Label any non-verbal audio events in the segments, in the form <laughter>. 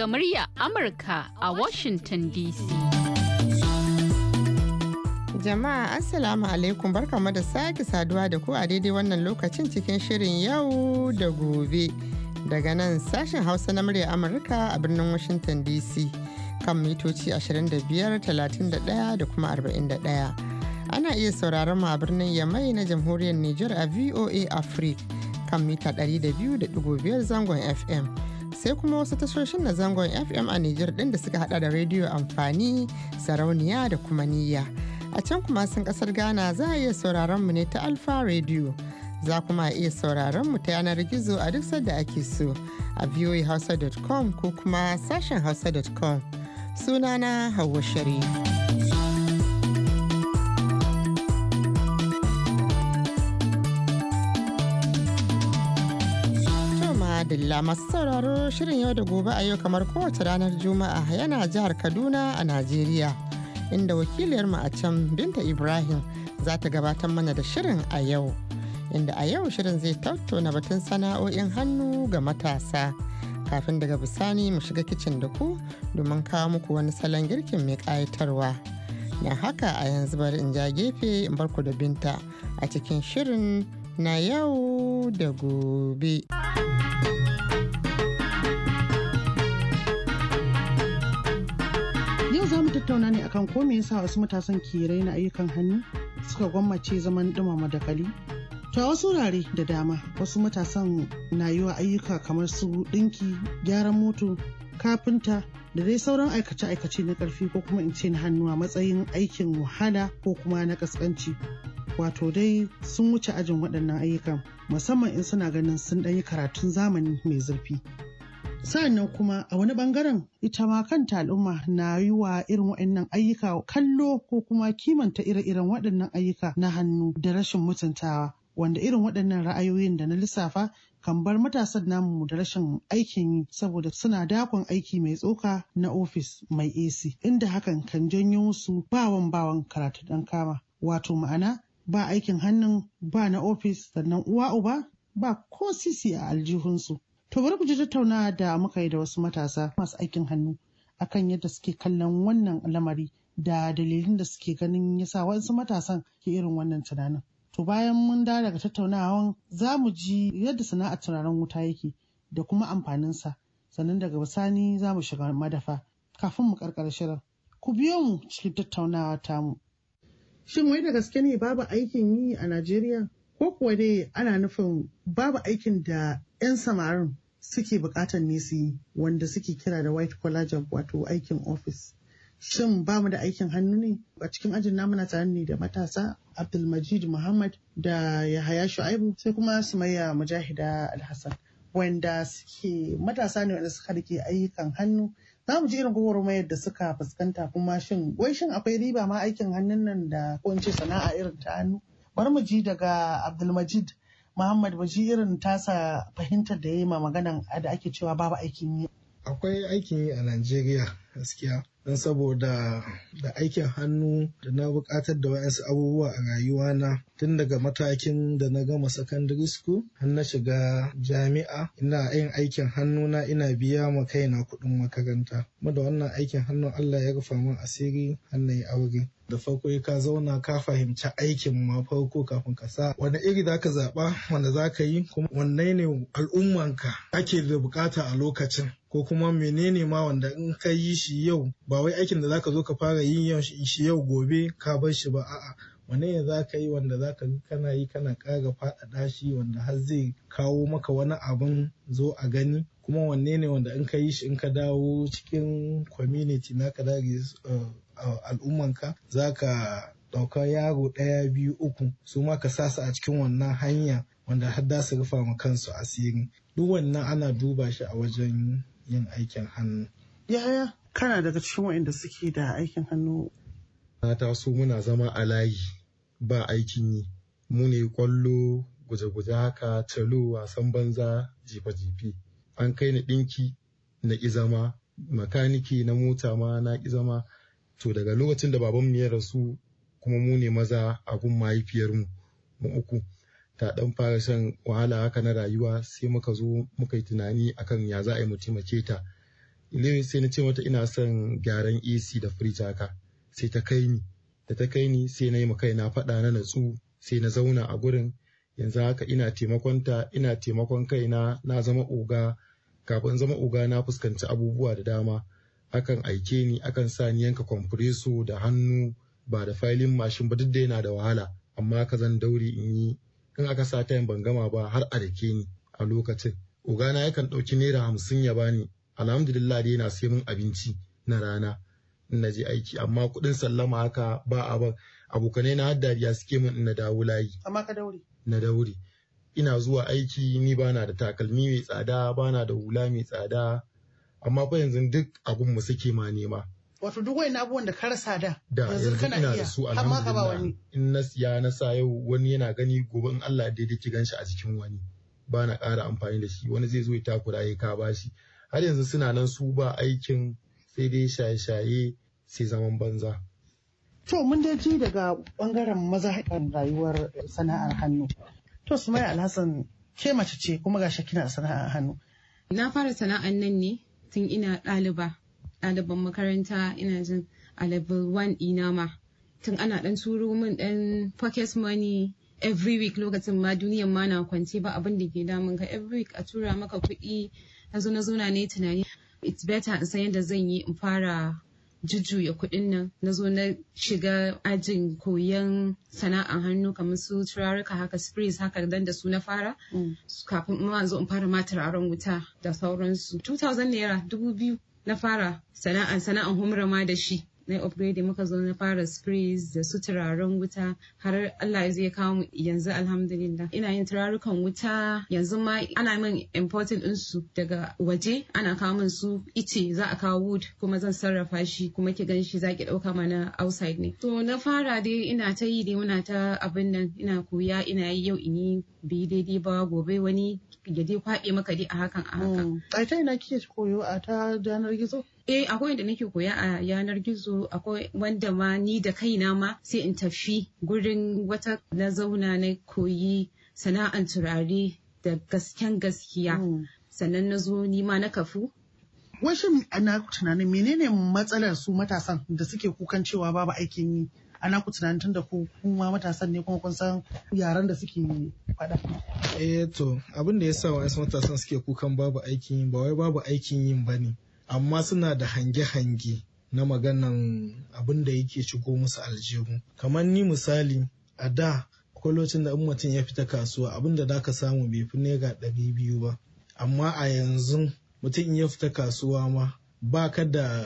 daga murya Amurka a Washington DC. Jama'a Assalamu alaikum barkamu da sake saduwa da ku a daidai wannan lokacin cikin shirin yau da gobe. Daga nan sashen Hausa na murya Amurka a birnin Washington DC kan mitoci 25, 31 da kuma 41. Ana iya sauraron mu a birnin Yamai na Jamhuriyar Nijar a VOA Africa kan mita 200.5 zangon FM. sai kuma wasu tashoshin na zangon FM a Nijar ɗin da suka hada da rediyo amfani, sarauniya da kuma niyya. A can kuma sun ƙasar Ghana za a iya sauraron mu ne ta Alfa Radio. Za kuma a iya sauraron mu ta yanar gizo a duk sadda ake so a voahausa.com ko kuma sashen hausa.com. Sunana Hauwa Sharif. Adilla masu sauraro shirin yau da gobe a yau kamar kowace ranar Juma'a yana jihar Kaduna a Najeriya inda wakiliyarmu a can Binta Ibrahim za ta gabatar mana da shirin a yau. Inda a yau shirin zai tattauna batun sana'o'in hannu ga matasa. Kafin daga bisani mu shiga kicin da ku domin kawo muku wani salon girkin mai ƙayatarwa. na haka a yanzu bari in ja gefe in barku da binta a cikin shirin na yau da gobe. tattauna ne akan ko me yasa wasu matasan ke raina ayyukan hannu suka gwammace zaman dumama dakali. To a wasu wurare da dama wasu matasan na yi wa ayyuka kamar su ɗinki, gyaran moto, kafinta da dai sauran aikace-aikace na karfi ko kuma in ce na hannu a matsayin aikin wahala ko kuma na ƙasƙanci. Wato dai sun wuce ajin waɗannan ayyukan musamman in suna ganin sun ɗan yi karatun zamani mai zurfi. Sa'annan kuma a wani bangaren ita ma kanta al'umma na yi wa irin waɗannan ayyuka kallo ko kuma kimanta ire-iren waɗannan ayyuka na hannu da rashin mutuntawa. Wanda irin waɗannan ra'ayoyin da na lissafa kan bar matasan namu da rashin aikin yi saboda suna dakon aiki mai tsoka na ofis mai AC inda hakan kan janyo su bawan bawan karatu dan kama wato ma'ana ba aikin hannun ba na ofis sannan uwa uba ba ko sisi a aljihunsu To bari ku ji tattaunawa da muka yi da wasu matasa masu aikin hannu akan yadda suke kallon wannan lamari da dalilin da suke ganin yasa wasu matasan ke irin wannan tunanin. To bayan mun da daga tattaunawan za mu ji yadda sana'ar turaren wuta yake da kuma amfaninsa sannan daga bisani za mu shiga madafa kafin mu karkara shirin. Ku biyo mu cikin tattaunawa ta mu! Shin wai da gaske ne babu aikin yi a Najeriya? Ko kuwa dai ana nufin babu aikin da 'yan samarin suke bukatar nisi wanda suke kira da white collar job wato aikin office shin ba mu da aikin hannu ne a cikin ajin namu na tare ne da matasa abdulmajid muhammad da yahaya shu'aibu sai kuma sumayya mujahida alhassan wanda suke matasa ne wanda suka rike ayyukan hannu za mu ji irin gwagwarmayar da suka fuskanta kuma shin wai shin akwai riba ma aikin hannun nan da ko sana'a irin ta hannu bari mu ji daga abdulmajid Muhammad ba shi irin tasa fahimtar da ya yi ma maganan da ake cewa babu aikin yi. Akwai aikin yi a Najeriya gaskiya. Don saboda da aikin hannu da na bukatar da wa'yansu abubuwa a rayuwa na tun daga matakin da na gama secondary school har na shiga jami'a ina yin aikin hannu na ina biya ma kaina kuɗin makaranta. Kuma da wannan aikin hannun Allah ya rufa min asiri har na yi aure. da farko ka zauna ka fahimci aikin ma farko kafin ka sa wani iri za ka zaɓa wanda ka yi kuma wanne ne al'ummanka ake da bukata a lokacin ko kuma menene ma wanda in ka yi shi yau ba wai aikin da za ka zo ka fara yin shi yau gobe ka bar shi ba a'a wanne ne za ka yi wanda za ka kana yi kana ƙara faɗaɗa shi wanda har zai kawo maka wani abin zo a gani kuma wanne ne wanda in ka yi shi in ka dawo cikin community naka da al'ummanka za ka ɗauka yaro ɗaya biyu uku su ma ka sa su a cikin wannan hanya wanda har da su rufa ma kansu asiri duk wannan ana duba shi a wajen yin aikin hannu yaya kana daga cikin wa'inda suke da aikin hannu na taso muna zama a layi ba aikin yi mu ne kwallo guje-guje haka talo wasan banza jifa jifi an kai ni ɗinki na ƙi zama makaniki na mota ma na ƙi zama to daga lokacin da babanmu ya rasu kuma mu ne maza a gun mahaifiyarmu mu uku ta dan fara shan wahala haka na rayuwa sai muka zo muka yi tunani akan ya za a yi mu taimake ta ilimi sai na ce mata ina son gyaran AC da firija haka sai ta kai ni da ta kai ni sai na yi kai na faɗa na natsu sai na zauna a gurin yanzu haka ina taimakon ta ina taimakon kaina na zama oga kafin zama oga na fuskanci abubuwa da dama akan aike ni akan sa ni yanka kwamfureso da hannu ba da filin mashin ba duk da yana da wahala amma ka zan daure in yi in aka sa tayin ban gama ba har a dake ni a lokacin ogana yakan ɗauki naira hamsin ya bani alhamdulillah dai yana sai min abinci na rana in na je aiki amma kuɗin sallama haka ba a ban abokanai na haddariya suke min in na dawo layi amma ka dauri na daure ina zuwa aiki ni bana da takalmi mai tsada bana da hula mai tsada amma fa yanzu duk abin mu suke ma nema wato duk wayan abubuwan da ka rasa da yanzu kana iya amma ka ba wani in na sa yau wani yana gani gobe in Allah ya daidai ki ganshi a cikin wani ba na ƙara amfani da shi wani zai zo ya takura ya ka bashi har yanzu suna nan su ba aikin sai dai shaye-shaye sai zaman banza to mun dai ji daga bangaren maza rayuwar sana'ar hannu to su mai alhassan ke mace ce kuma gashi kina sana'ar hannu na fara sana'an nan ne tun ina ɗaliba ɗaliban makaranta ina jin a level 1 ina ma tun ana ɗan turo min ɗan pocket money every week lokacin ma duniyan ma na kwance ba abin da ke damun ka every week a tura maka kuɗi na zo na na ne tunani it's better in san yadda zan yi in fara jujjuya kuɗin nan na zo na shiga ajin koyon sana'an hannu kamar su turaruka haka sprays haka dan da su na fara mm. kafin ma zo in fara ma turaren wuta da sauransu 2000 naira dubu biyu na fara sana'an sana'an humrama ma da shi na upgrade muka zo na fara sprays da su turaren wuta har Allah ya zai kawo mu yanzu alhamdulillah ina yin turarukan wuta yanzu ma ana min important din su daga waje ana kawo min su ice za a kawo wood kuma zan sarrafa shi kuma ki ganshi shi za ki dauka mana outside ne to na fara dai ina ta yi dai muna ta abin nan ina koya ina yi yau in yi bi daidai ba gobe wani ya dai maka dai a hakan a hakan mm. a ta ina kike koyo a ta janar gizo eh akwai wanda nake koya a yanar gizo akwai wanda ma ni da kaina ma sai in tafi gurin wata na zauna na koyi sana'an turare da gasken gaskiya hmm. sannan na zo nima na kafu washin ana tunanin menene matsalar su matasan da suke kukan cewa babu aikin yi ana ku tunanin tun da ku kuma matasan ne kuma kun san yaran da suke faɗa. eh to abin da ya sa wasu matasan suke kukan babu aikin yi ba wai babu aikin yin ba ne amma suna da hange-hange na maganan abin da yake shigo musu aljihu kamar ni misali a da kwalocin da in mutum ya fita kasuwa abin da zaka samu bai fi naira ɗari biyu ba amma a yanzu mutum in ya fita kasuwa ma ba ka da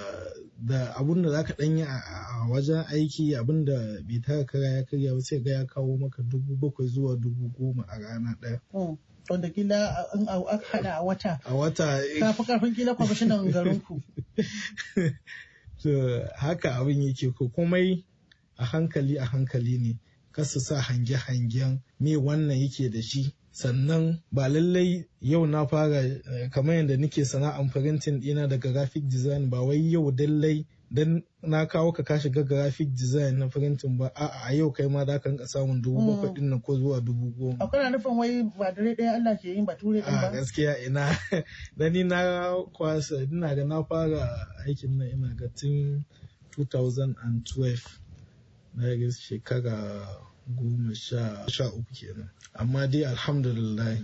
da abun da zaka dan yi a wajen aiki abun da bai taka kara ya karya ba sai ga ya kawo maka dubu bakwai zuwa dubu goma a rana ɗaya. Oh, wanda kila in aka haɗa a wata a wata eh. kafi karfin kila kwamishinan garin ku <laughs> haka abin yake ko komai a hankali a hankali ne kasu sa hange-hangen me wannan yake da shi sannan ba lallai yau na fara eh, kamar yadda nake sana'an farintin ɗina da graphic design ba wai yau dallai dan na kawo ka ka shiga graphic design na farintin ba a a yau kai ma da kan ka samun dubu hmm. bakwai din nan ko zuwa dubu goma a kana nufin wai ba dare ɗaya Allah ke yin ba ture ɗin ba a gaskiya ina <laughs> da ni na kwasa ina ga na fara aikin nan ina ga tun 2012 na shekara goma sha uku kenan amma dai alhamdulillah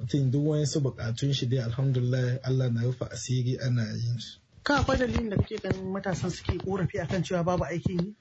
mutum duk wayansu bukatun shi dai alhamdulillah Allah na rufe asiri ana yin su ka akwai dalilin da kake ganin matasan suke korafi akan cewa babu aiki ne?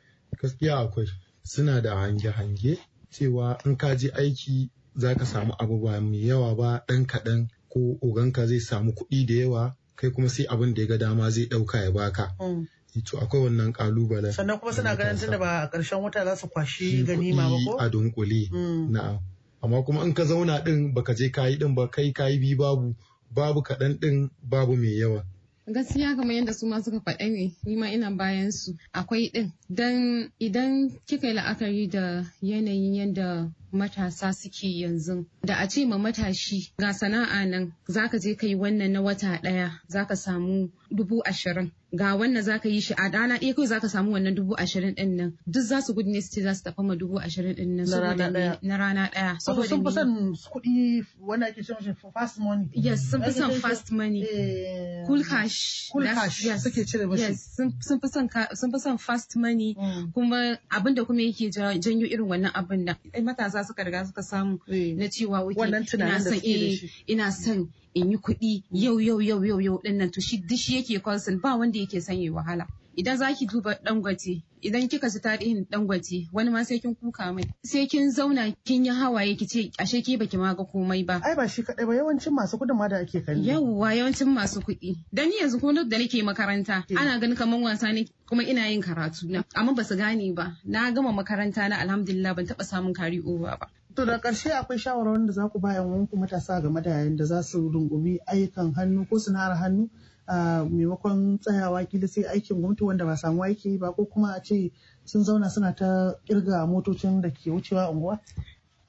gaskiya akwai suna da hange-hange cewa in ka je aiki za ka samu abu ba mai yawa ba dan kaɗan ko oganka zai samu kuɗi da yawa kai kuma sai abin da ya ga dama zai ɗauka ya baka mm. to akwai wannan kalubalen sannan kuma suna ganin tunda ba a ƙarshen wata za su kwashi ganima ba ko a dunkule mm. na'am amma kuma in ka zauna din baka je kayi ɗin ba kai kayi bi babu babu kaɗan ɗin babu mai yawa gaskiya kamar yadda su ma suka faɗa ne ni ma ina bayan su akwai ɗin dan idan kika yi la'akari da yanayin yadda matasa suke yanzu da a ce ma matashi ga sana'a nan zaka je ka yi wannan na wata ɗaya zaka samu dubu ashirin ga wannan zaka yi shi a dana kai kawai zaka samu wannan dubu ashirin ɗin nan duk za su gudu ne su ce za su tafi ma dubu ashirin ɗin nan na rana ɗaya. sun fi son kuɗi wanda ake cewa fast money. Yes sun fi son fast money. Eh, cool cash. Cool cash suke cire mashi. Yes sun fi son fast money mm. kuma abinda kuma yake janyo irin wannan abin nan. Matasa suka riga suka samu eh. na cewa wuke ina son eh, ina son in yi kuɗi yau yau yau yau yau dinnan to shi dishi yake concern ba wanda yake son yi wahala idan zaki duba dangote idan kika ji tarihin Dangote wani ma sai kin kuka mai sai kin zauna kin yi hawaye ki ce ashe ki baki ma ga komai ba ai ba shi kadai ba yawancin masu kudin ma da ake kalli yawwa yawancin masu kuɗi dan yanzu ko da nake makaranta eh. ana ganin kaman wasa ne kuma ina yin karatu na amma ba su gane ba na gama makaranta na alhamdulillah ban taba samun kari uwa ba To da karshe akwai shawarwarin da za ku ba 'yan matasa game da yayin da za su rungumi ayyukan hannu ko sana'ar hannu Ah, maimakon tsayawa kila sai aikin gwamnati wanda ba samu aiki ba ko kuma a ce sun zauna suna ta kirga motocin da ke wucewa unguwa?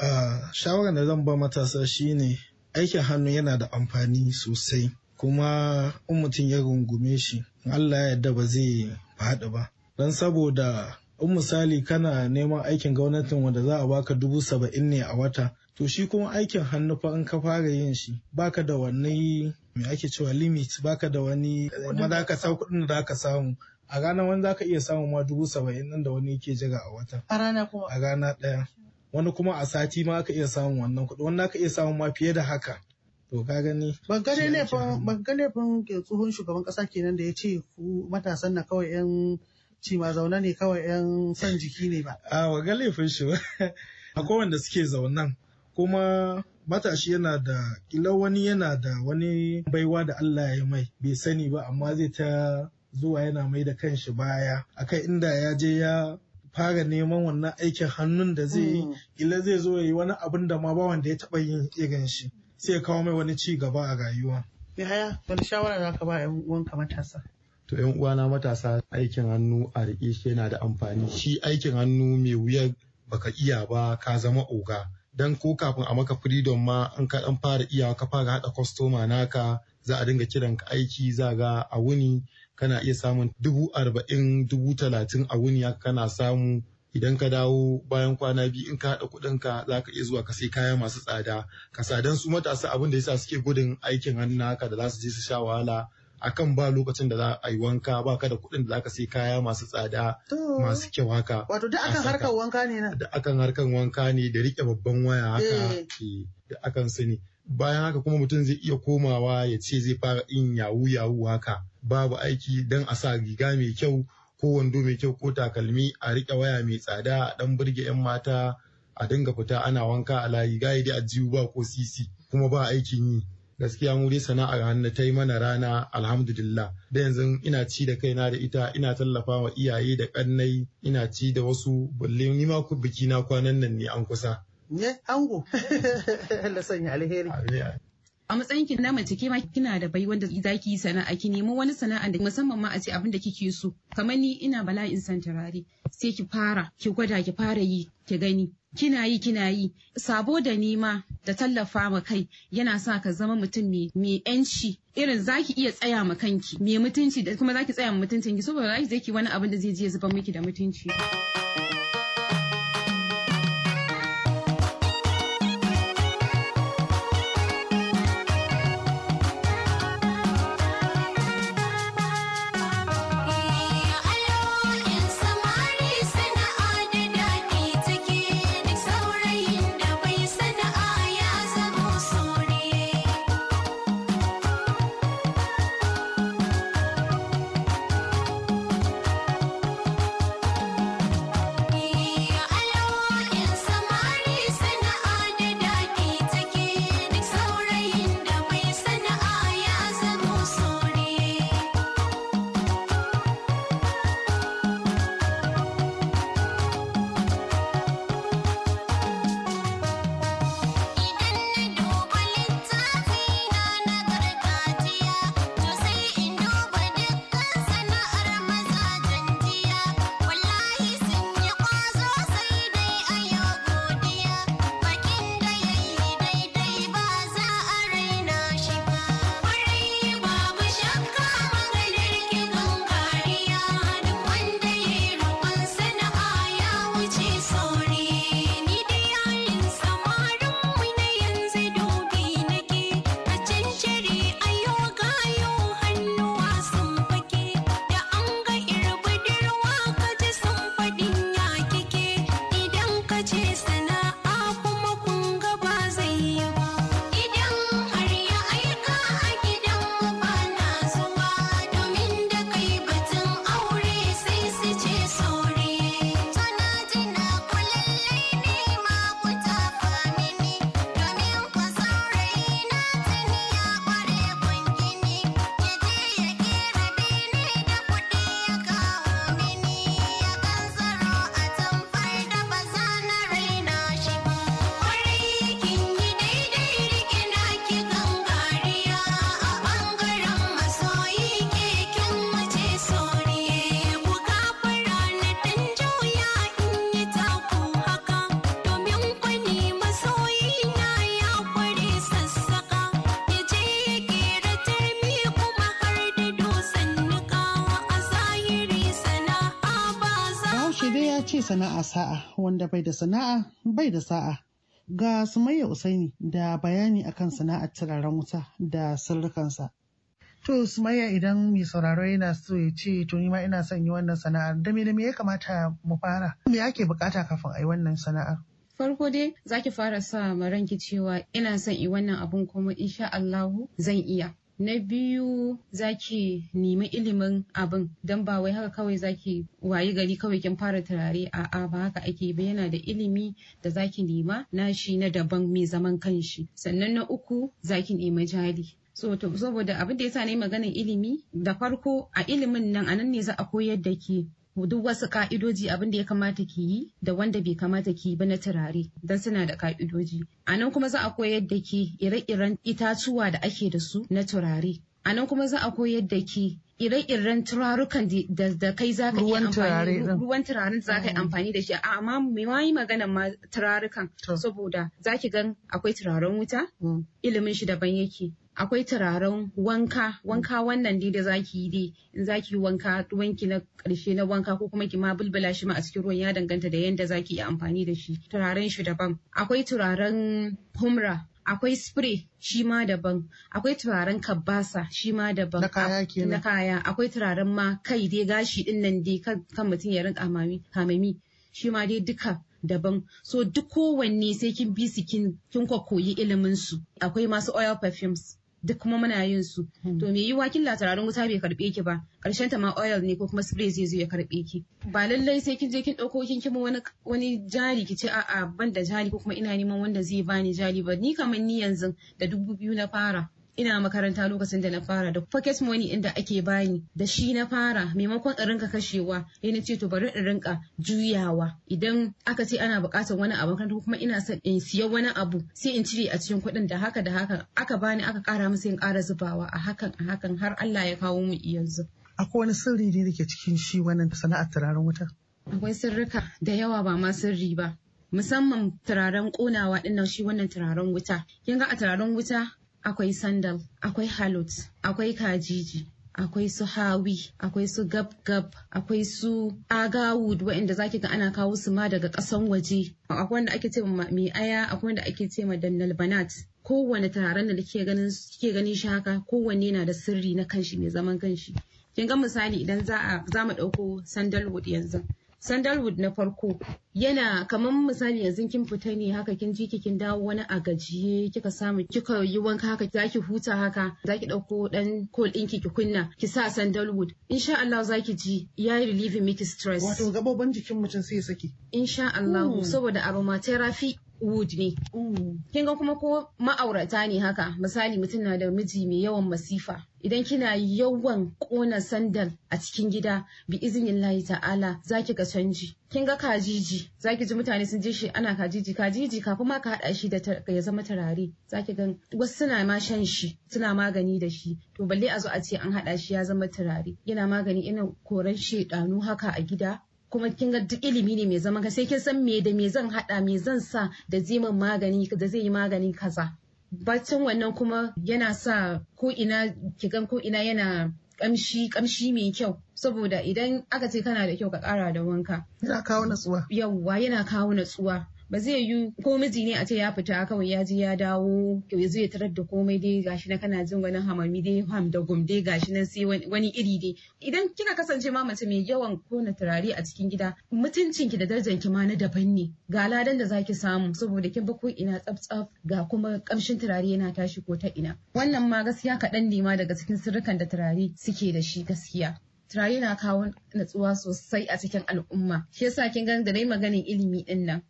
Ah, shawarar da zan ba matasa shine aikin hannu yana da amfani sosai kuma in mutum ya rungume shi Allah ya yarda ba zai faɗi ba don saboda in misali kana neman aikin gwamnatin wanda za a baka dubu saba'in ne a wata to shi kuma aikin hannu fa in ka fara yin shi baka da wani me ake cewa limit baka da wani ma ka sa kuɗin da aka ka samu a rana wani za ka iya samun ma dubu saba'in nan da wani yake jiga a wata a rana kuma a rana ɗaya wani kuma a sati ma aka iya samun wannan kuɗi wani ka iya samun ma fiye da haka to ka gani ban gane ne fa ban gane fa tsohon shugaban kasa kenan da ya ce ku matasan na kawai yan ci ma zaune ne kawai yan san jiki ne ba a wa ga laifin shi ba <laughs> akwai wanda suke zaunan kuma matashi yana da kila wani yana da wani baiwa da Allah ya mai bai sani ba amma zai ta zuwa yana mai da kanshi baya akai inda ya je ya fara neman wannan aikin hannun da zai yi hmm. kila zai zo ya yi wani abin da ma ba wanda ya taba yin irin shi sai ya kawo mai wani ci gaba a rayuwa Yahaya, wani shawara za ba 'yan uwanka matasa? To 'yan uwana matasa aikin hannu a rike shi yana da amfani. Shi aikin hannu mai wuyar baka iya ba ka zama oga. dan ko kafin a maka freedom ma an ka dan fara iyawa ka fara hada customer naka za a dinga kiran ka aiki za ga a wuni kana iya samun dubu arba'in dubu talatin a wuni kana samu idan ka dawo bayan kwana biyu in ka haɗa kuɗin ka za ka iya zuwa ka sai kaya masu tsada ka sadan su matasa abin da yasa suke gudun aikin hannu naka da za su je su sha wahala akan ba lokacin da za a yi wanka ba ka da kuɗin da za ka sai kaya masu tsada masu kyau haka. Wato da akan harkar wanka ne na? Da akan harkar wanka ne da riƙe babban waya haka eh. Eh, da akan sani. Bayan haka kuma mutum zai iya komawa ya ce zai fara yin yawu yawu haka babu aiki don a sa riga mai kyau ko wando mai kyau ko takalmi a rike waya mai tsada a ɗan burge 'yan mata a dinga fita ana wanka a layi gaye dai a jiwu ba ko sisi kuma ba aikin yi. gaskiya mu dai sana'ar hannu ta yi mana rana alhamdulillah da yanzu ina ci da kaina da ita ina tallafa wa iyaye da kannai ina ci da wasu balle ni ma ku biki na kwanan nan ne an kusa ne ango Allah <laughs> sanya alheri a matsayin ki na mace ke ma kina da bai wanda zaki yi sana'a ki nemi wani sana'a da musamman ma a ce abin da kike so kamar ni ina bala'in san turare sai ki fara ki gwada ki fara yi ki gani kina yi kina yi sabo da nema da tallafa ma kai yana sa ka zama mutum mai yanci irin zaki iya tsaya ma kanki mai mutunci da kuma zaki tsaya ma mutuncin ki saboda zaki zai ki wani abin da zai je zuba miki da mutunci. sana'a sa'a wanda bai da sana'a bai da sa'a. Ga Sumayya Usaini da bayani akan sana'ar turaren wuta da sirrikansa. To Sumayya idan mai sauraro yana so ya ce to ni ma ina son yi wannan sana'ar da me da me ya kamata mu fara? Me ake bukata kafin a yi wannan sana'ar? Farko dai zaki fara sa ma ranki cewa ina son yi wannan abun kuma insha Allahu zan iya. na biyu zaki nemi ilimin abin don ba wai haka kawai zaki wayi gari kawai kin fara turare a'a ba haka ake ba yana da ilimi da zaki nema nashi na daban mai zaman kanshi sannan na uku zaki nema jari saboda abin da yasa na yi maganin ilimi da farko a ilimin nan a nan ne za a koyar da ke duk wasu ka'idoji abin da ya kamata ki yi da wanda bai kamata ki yi ba na turare don suna da ka'idoji a nan kuma za a koyar da ki ire-iren itatuwa da ake da su na turare a nan kuma za a koyar da ki ire-iren turarukan da kai za ka iya amfani ruwan turaren za ka yi mm. amfani da shi amma mai yi magana ma turarukan saboda za ki gan akwai turaren wuta mm. ilimin shi daban yake akwai turaren wanka wanka wannan dai da zaki yi dai in zaki yi wanka wanki na karshe na wanka ko kuma ki ma bulbula shi ma a cikin ruwan ya danganta da yanda zaki yi amfani da shi turaren shi daban akwai turaren humra akwai spray shi ma daban akwai turaren kabasa shi ma daban na kaya akwai turaren ma kai dai gashi din nan dai kan mutum ya rinka kamami shi ma dai duka daban so duk kowanne sai kin bi su kin kin koyi ilimin su akwai masu oil perfumes duk kuma muna yin su hmm. to me yiwa kin lataran wuta bai karbe ki ba karshen ta ma oil ne ko kuma spray zai zo ya karbe ki ba lallai sai kin je kin dauko kin kima wani wani jari ki ce a'a ban da jari ko kuma ina neman wanda zai bani jari ba ni kamar ni yanzu da dubu biyu na fara ina makaranta lokacin da na fara da pocket money inda ake bani da shi na fara maimakon in rinka kashewa sai na ce to bari in rinka juyawa idan aka ce ana buƙatar wani abu kan kuma ina son in siya wani abu sai in cire a cikin kuɗin da haka da hakan aka bani aka ƙara musu in ƙara zubawa a hakan a hakan har Allah ya kawo mu yanzu akwai wani sirri ne da cikin shi wannan sana'ar turaren wuta akwai sirrika da yawa ba ma sirri ba musamman turaren ƙonawa ɗinnan shi wannan turaren wuta kin ga a turaren wuta akwai sandal akwai halot akwai kajiji akwai su hawi akwai su gab-gab akwai su agawud waɗanda zaki ga ana kawo su ma daga kasan waje akwai wanda ake ce ma mai aya akwai wanda ake ce ma dannal banat kowane taron da kike ganin kike ganin shi haka kowanne na da sirri na kanshi mai zaman kanshi kin ga misali idan za a za mu ɗauko sandalwood yanzu sandalwood na farko yana kamar misali yanzu kin fita ne haka kin ji kikin dawo wani a gajiye kika samu kika yi wanka haka zaki huta haka zaki dauko dan kol din ki kunna ki sa sandalwood insha Allah zaki ji yayi relieve miki stress wato gabobin jikin mutum sai saki insha Allah hmm. saboda aromatherapy wood ne. Mm. Kin ga kuma ko ma'aurata ne haka misali mutum na da miji mai yawan masifa idan kina yawan kona sandal a cikin gida bi izinin layi ta'ala za ki ga canji. Kin ga kajiji za ki ji mutane sun je shi ana kajiji kajiji kafin ma ka haɗa shi da ya zama turare za ki gan wasu suna ma shan shi suna magani da shi to balle a zo a ce an haɗa shi ya zama turare yana magani ina koran shedanu haka a gida kuma kin ga duk ilimi ne mai zaman ka sai kin san me da me zan hada me zan sa da zai magani da zai yi magani kaza baccin wannan kuma yana sa ko ina gan ko ina yana kamshi kamshi mai kyau saboda idan aka ce kana da kyau ka kara da wanka yana kawo natsuwa yawwa yana kawo natsuwa ba zai yi ko miji ne a ce ya fita kawai ya ji ya dawo ya zai tarar da komai dai gashi na kana jin wani hamami dai ham da gum dai gashi nan sai wani iri dai idan kika kasance ma mace mai yawan kona turare a cikin gida mutuncin ki da darajar ki ma na daban ne ga ladan da zaki samu saboda kin ba ko ina tsaf ga kuma kamshin turare yana tashi ko ta ina wannan ma gaskiya kaɗan ne ma daga cikin sirrukan da turare suke da shi gaskiya turare na kawo natsuwa sosai a cikin al'umma shi yasa kin ga da nayi maganin ilimi din nan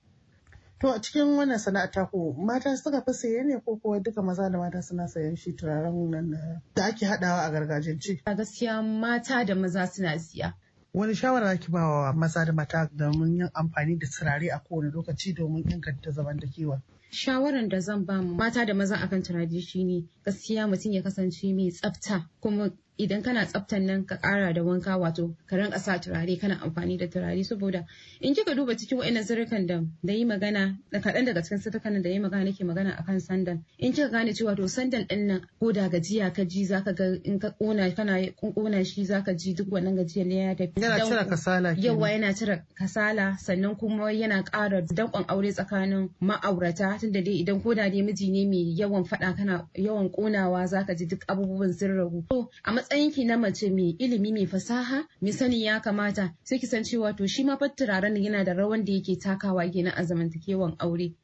To a cikin wannan sana'a ta ku mata suka fi saye ne ko kuwa duka maza da mata suna sayan shi turaren nan da ake haɗawa a gargajiyance? A gaskiya mata da maza suna siya. Wani shawara ki ba wa maza da mata domin yin amfani da turare a kowane lokaci domin inganta zaman da kewa? shawaran da zan ba mata da maza akan turare shine gaskiya mutum ya kasance mai tsafta kuma idan kana tsaftan nan ka kara da wanka wato ka rinka sa turare kana amfani da turare saboda in kika duba cikin wa'annan zurukan da da yi magana da kaɗan daga cikin sirrukan da yi magana nake magana akan sandal in kika gane cewa to sandal din nan ko da gajiya ka ji zaka ga in ka kona kana kunkuna shi zaka ji duk wannan gajiyar ne ya tafi yana cire kasala yawa yana cire kasala sannan kuma yana ƙara dankon aure tsakanin ma'aurata tunda dai idan ko da dai miji ne mai yawan faɗa kana yawan konawa zaka ji duk abubuwan sun ragu Matsayinki na mace mai ilimi mai fasaha mai sani ya kamata sai ki san cewa to shi ma fa turaren yana da rawan da yake takawa gina a zamantakewan aure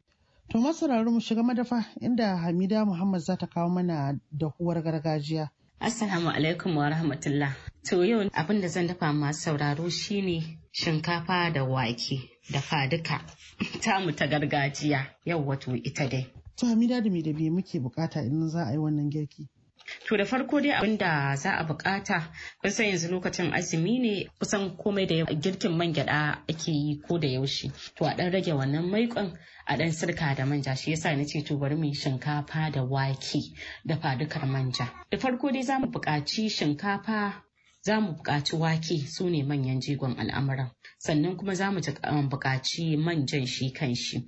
to masu mu shiga madafa inda Hamida Muhammad za ta kawo mana dahuwar gargajiya Assalamu alaikum wa rahmatullah to yau abin da zan dafa masu sauraro shine shinkafa da wake da faduka <laughs> tamu ta gargajiya yau wato ita dai to Hamida da me da muke bukata idan za a yi wannan girki To da farko dai abin da za a bukata kusan yanzu lokacin azumi ne kusan komai da girkin man gyada ake yi ko da yaushe. To a ɗan rage wannan maikon a ɗan sirka da manja shi yasa na ce to bari mu shinkafa da wake da fadukar manja. Da farko dai za mu buƙaci shinkafa za mu buƙaci wake su ne manyan jigon al'amuran sannan kuma za mu um, buƙaci manjan shi kan shi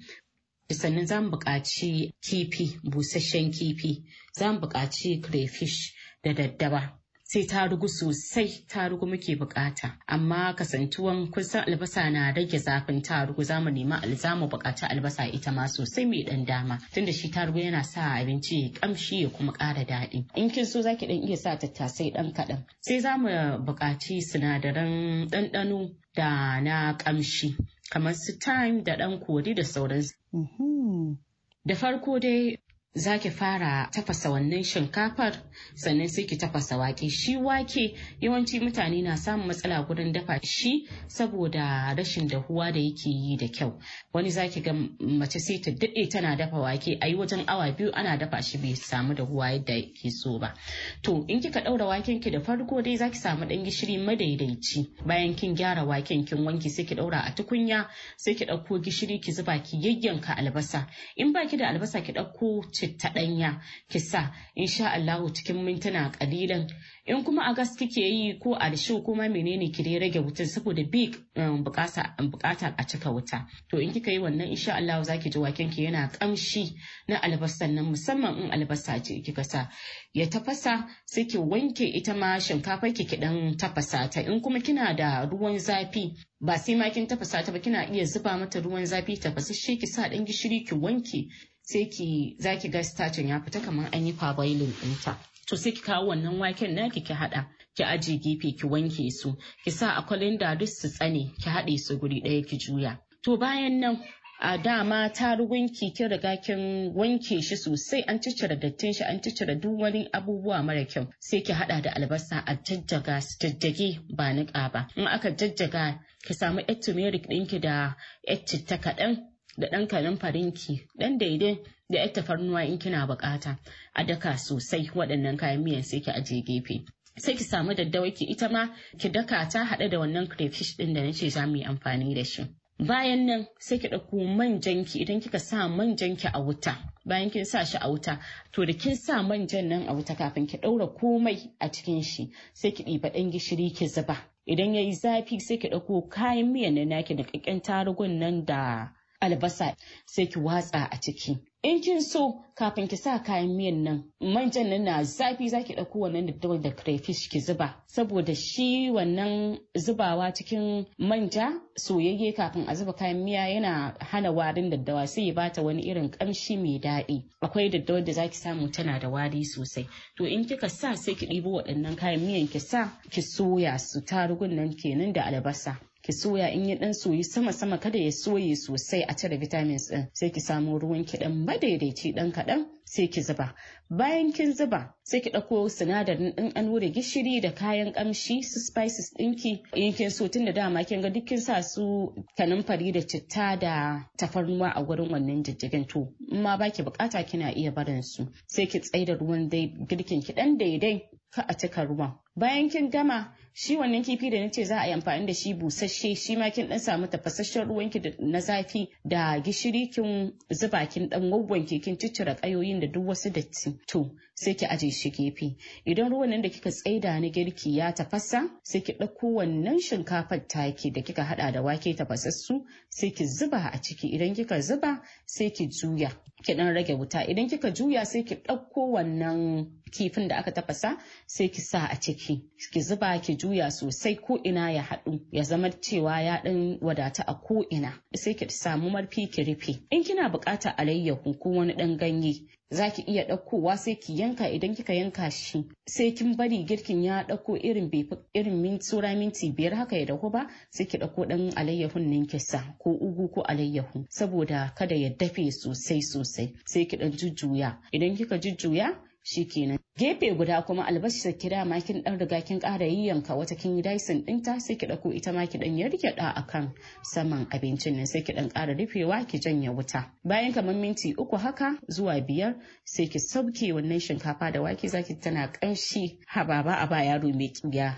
sannan za mu buƙaci kifi busasshen kifi za mu buƙaci crayfish da daddaba sai ta rugu sosai ta rugu muke bukata amma kasantuwan kusan albasa na rage zafin ta rugu za mu nema za mu bukaci albasa ita ma sosai mai ɗan dama tunda shi ta rugu yana sa abinci ya ƙamshi ya kuma ƙara daɗi in kin so zaki dan iya sa tattasai ɗan kaɗan sai za mu bukaci sinadaran ɗanɗano da na ƙamshi. kamar su time da ɗan kori da sauransu. Mm-hmm. Da farko dai za ki fara tafasa wannan shinkafar sannan sai ki tafasa wake shi wake yawanci mutane na samun matsala wurin dafa shi saboda rashin dahuwa da yake yi da kyau wani za ki ga mace sai ta daɗe tana dafa wake a yi wajen awa biyu ana dafa shi bai samu dahuwa yadda ke so ba to in kika ɗaura waken ki da farko dai za ki samu ɗan gishiri madaidaici bayan kin gyara waken kin wanki sai ki ɗaura a tukunya sai ki ɗauko gishiri ki zuba ki yayyanka albasa in baki da albasa ki ɗauko citta ɗanya kisa sa insha Allahu cikin mintuna kalilan in kuma a gas kike yi ko a rishu kuma menene ki rage wutan saboda bi um, bukata um, a cika wuta to in kika yi wannan insha Allah zaki ji waken ki yana kamshi na albasan nan musamman in albasa ce kika sa ya tafasa sai ki wanke ita ma shinkafar ki ki dan tafasa ta in kuma kina da ruwan zafi ba sai ma kin tafasa ta ba kina iya zuba mata ruwan zafi tafasa shi ki sa dan gishiri ki wanke sai ki za ki ga starchin ya fita kamar an yi fabailin ɗinta. To sai ki kawo wannan waken naki ki haɗa. ki aji gefe ki wanke su ki sa a kwalinda duk su tsane ki haɗe su guri ɗaya ki juya to bayan nan a dama rugunki kin riga kin wanke shi sosai an ciccire dattin shi an ciccire duk wani abubuwa mara kyau sai ki haɗa da albasa a jajjaga su jajjage ba niƙa ba in aka jajjaga ki samu yar turmeric ɗinki da yar citta kaɗan da ɗan ki ɗan daidai da yar tafarnuwa in kina bukata a daka sosai waɗannan kayan miyan sai ki ajiye gefe sai ki samu daddawaki ki ita ma ki daka ta haɗe da wannan crayfish ɗin da nace za mu yi amfani da shi bayan nan sai ki ɗauko manjan ki idan kika sa manjan ki a wuta bayan kin sa shi a wuta to da kin sa manjan nan a wuta kafin ki ɗaura komai a cikin shi sai ki ɗiba ɗan gishiri ki zuba idan yayi zafi sai ki ɗauko kayan miyan nan naki da ƙaƙƙen tarugun nan da albasa sai ki watsa a ciki in kin so kafin ki sa kayan miyan nan manjan nan na zafi zaki ɗauko wannan daddawar da crayfish ki zuba saboda shi wannan zubawa cikin manja soyayye kafin a zuba kayan miya yana hana warin daddawa sai ya bata wani irin kamshi mai daɗi akwai daddawar da zaki samu tana da wari sosai to in kika sa sai ki ɗibo waɗannan kayan miyan ki sa ki soya su tarugun nan kenan da albasa ki soya in ya dan soyi sama sama kada ya soye sosai a cire vitamins din sai ki samu ruwan ki dan madaidaici dan kadan sai ki zuba bayan kin zuba sai ki ɗauko sinadarin ɗin an wure gishiri da kayan kamshi su spices ɗinki in kin so tun da dama kin ga duk sa su kanumfari da citta da tafarnuwa a gurin wannan jijjigin to in ma baki bukata kina iya barin su sai ki tsaida ruwan dai girkin ki dan daidai ka a cika ruwan bayan kin gama shi wannan kifi da nace za a yi amfani da shi busasshe shi ma kin dan samu tafasasshen ruwan ki na zafi da gishiri kin zuba kin dan wawwanke kin ciccire kayoyin da duk wasu datti to sai ki aje shi gefe idan ruwan nan da kika tsaida na girki ya tafasa sai ki ɗauko wannan shinkafar taki da kika hada da wake tafasassu sai ki zuba a ciki idan kika zuba sai ki juya ki dan rage wuta idan kika juya sai ki ɗauko wannan kifin da aka tafasa sai ki sa a ciki ki zuba ki juya sosai ko ina ya haɗu ya zama cewa ya ɗan wadata a ko ina sai ki samu marfi ki rufe in kina buƙatar alayyahu ko wani ɗan ganye za ki iya ɗaukowa sai ki yanka idan kika yanka shi sai kin bari girkin ya ɗauko irin bai irin min minti biyar haka ya dahu ba sai ki ɗauko ɗan alayyahun nan ki ko ugu ko alayyahu saboda kada ya dafe sosai sosai sai ki ɗan jujjuya idan kika jujjuya Shi kenan gefe guda kuma albasa kira makin kin dan riga kin ƙara yayyanka wata kin yi daisin ɗinta sai ki ɗauko ita ma ki dan yaryaɗa a akan saman abincin nan sai ki dan ƙara rufewa ki janye wuta bayan kamar minti uku haka zuwa biyar sai ki sauke wannan shinkafa da wake zaki tana ƙamshi hababa a ba yaro mai ƙiya.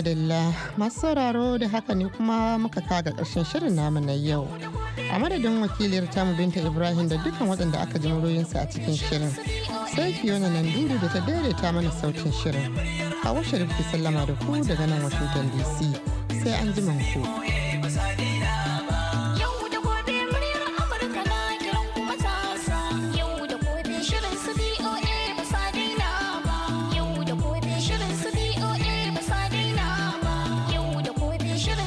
madalla masu sauraro da haka ne kuma muka kaga ƙarshen shirin namu na yau a madadin wakiliyar tamu binta ibrahim da dukkan waɗanda aka ji muryoyinsa a cikin shirin sai fiona nan duru da ta daidaita mana sautin shirin a washe sallama da ku daga nan washington dc sai an ji ku.